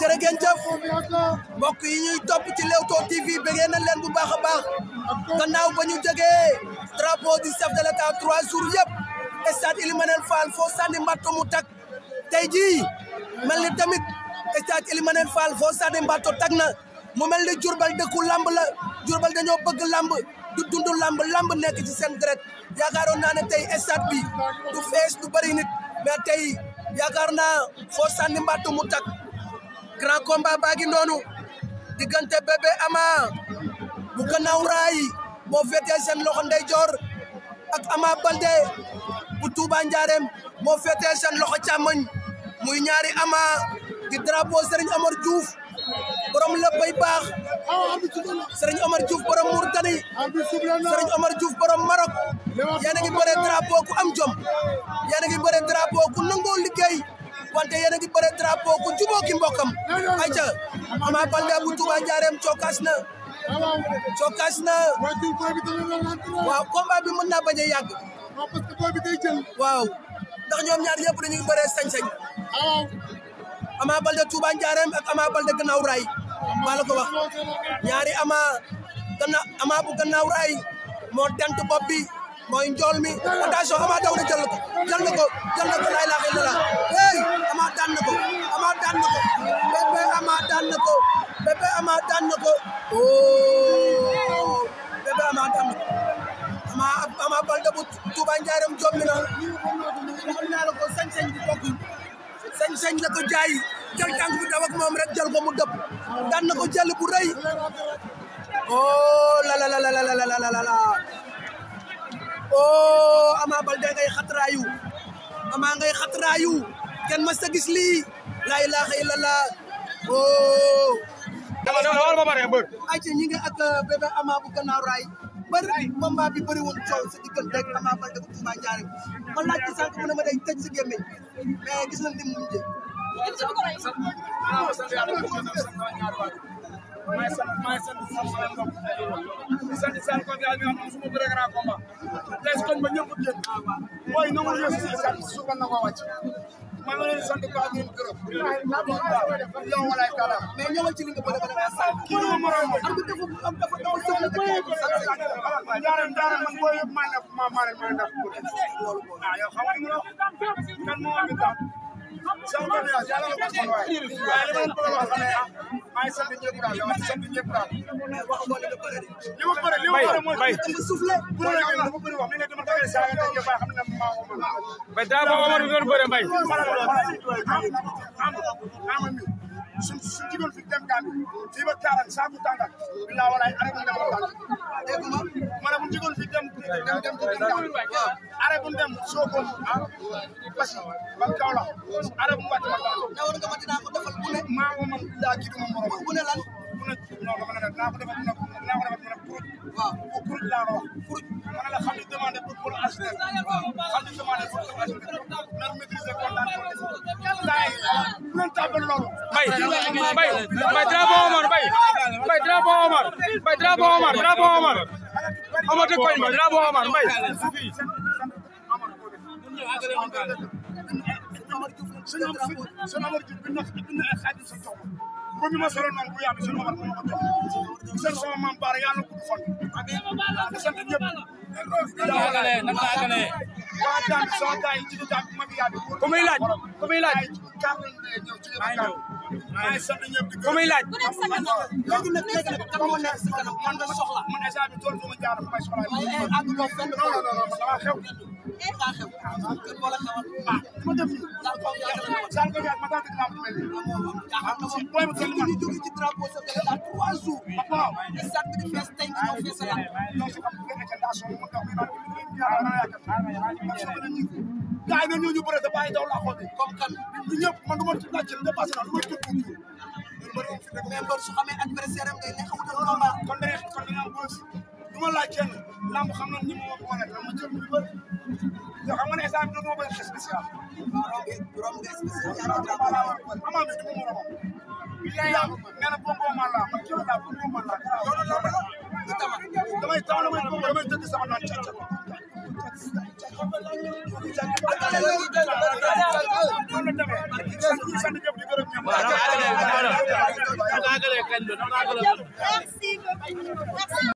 jërë ngeen jëf mbokk yi ñuy topp ci Leewtoo TV bëggee na leen bu baax a baax gannaaw ba ñu jógee drapeau du chef de l'État trois jours yëpp stade ma Manel Fall foo sànni mbatto mu tak tey jii mel ni tamit stade Ely Manel Fall foo sànni mbatto tak na mu mel ni Jurbel dëkku lamb la Jurbel dañoo bëgg lamb du dund lamb lamb nekk ci seen deret yaakaaroon naa ne tey stade bi du fees du bëri nit mais tey yaakaar naa foo sànni mbatto mu tak grand combat baa ngi noonu diggante Bébé Ama bu gannaaw raay moo féetee seen loxo ndeyjoor ak Ama Balde bu Touba Ndiarème moo féetee seen loxo càmmoñ muy ñaari Ama di drapeau Serigne Omar Diouf borom léppay baax Serigne Omar Diouf borom Mourtani Serigne Omar Diouf borom Maroc yéen a ngi bëre drapeau ku am jom yéen a ngi bëre drapeau ku nangu mbokki mbokkam ayca Ama Baldé bu Touba Ndiarème na cokaas na waaw combat bi mën naa bañ a yàgg waaw ndax ñoom ñaar ñëpp dañuy bëree sañ-sañ Ama Baldé Touba Ndiarème ak Ama Baldé gannaaw raay maa ko wax ñaari ama gannaaw ama bu gannaaw raay moo dent bopp bi mooy njool mi attention ama daw na jël na ko jël na ko jël na ko laa ilaaha illallaah hey ama daan na ko ma daan na ko oh Bébé Ama daan na ko Ama Ama Baldé bu Touba Njaareem jommi na waxoon naa la ko sañ-sañ bi bokkul sañ-sañ la ko jaay jël tànk bi daw ak moom rek jël ko mu dëpp daan ko jël bu rëy oh la la la la la la la oh Ama Baldé ngay xatraayu Ama kenn mas a gis lii la ilaha illallah oh. dawal ba pare mbër. ayca ñi nga ak euh, bébé Ama bu gannaaw raay bëri combat bi coow sa diggante ak Ama Baldé bu Touba Ndiarème ma laaj ko sànq mu ne ma day tëj sa gémmiñ mais gis nañ ni mu mujjee. maa ngi sant maa ngi sant sama sama mbokk di sant seen confiance bi nga xam na mu yëg maa ngi leen di sant bu baax di leen gërëm. yow walaay kàllaam. mais ñoo ci li nga bëri ba da ngaa sànq. mënu ma morom mooy. am dafa am dafa dafa soxla dëkk yi. ñaareel ñaareel man booy yëpp maa nekk maa maa leen maa nekk. ah yow xam nga li nga wax kan moo am itam. sama bopp yaa yàlla nga ko xool waaye waaye li ma la bëgg a wax maa ngi sant ñëpp daal maa ngi sant ñëpp daal. li ma bëri bay bëri wax mi bay bay su su jigoon fi dem Gàmbi fii ba Kaaraan saako tàngal bilaa walaay arrêté mu demoon tàngal dégg nga ma ne bu jigoon fi dem dem Basi ba Kaolack arrêté bu wàcc ma tàngal. ne woon nga ma dinaa ko defal bu ne maa ku ne ci ñoo ko mën a def naa ko defal mu ne naa ko defal mu ne kuruj. waaw bu kuruj laa ko wax kuruj. ma ne la xam ne demandé pour pour acheter. waaw xam ne demandé pour pour acheter. na maîtriser kontaan ko des. saa yi bu leen tàmbali loolu. Mbaye Mbaye Mbaye drapeau Omar Mbaye Mbaye drapeau Omar Mbaye drapeau Omar drapeau Omar. Omar de koñ ma drapeau Omar Mbaye. Sëñ Omar Diouf bi nax bi nax xaadim sa jox ma bu ñu ma soroon man bu yàgg suñu ma sant ñëpp. waaw soo gaa yi jiitu daal ma bi yaa bi. ku muy laaj ku muy laaj. maa ngi ñëw maa ngi sant ñëpp ku muy laaj. léegi nag léegi nag kan moo nekk si kanam man nga soxla. man instant bi tool bi ma jaar ma soxla. ak ko fenn non non non sama xew. sama xew kër moo la xewal. ah ma def nii. daal ko yaa la ma daal ko yaa ma daal di laa mel nii. ah si booy ma tënk ñu jóge ci drapeau sa kër daal trois jours. papa. te sant di fees tey nga ñëw fees la. donc si am nga gars yi ñoo ñu bëre te bàyyi daw la xool bi comme kan ñu ñëpp man du ma laajte dépassé naa du ma tudd tudd. mais mbër su xamee adversaire am ngay nekk wutal combat. kon da ngay kon da ngaa bës du ma laaj kenn lamb xam na ni ma wax ko rek dama jël lu bëri yoo xam nga ne instant bii dama bëri spécial. romb romb nga spécial ñaata drapeau la war. amaa bi du ma mën a wax. yaa nee na bongo ma la man jël laa bongo ma la. loolu la la damay taw damay bongo damay dëgg sama naan càcc Merci beaucoup. Merci.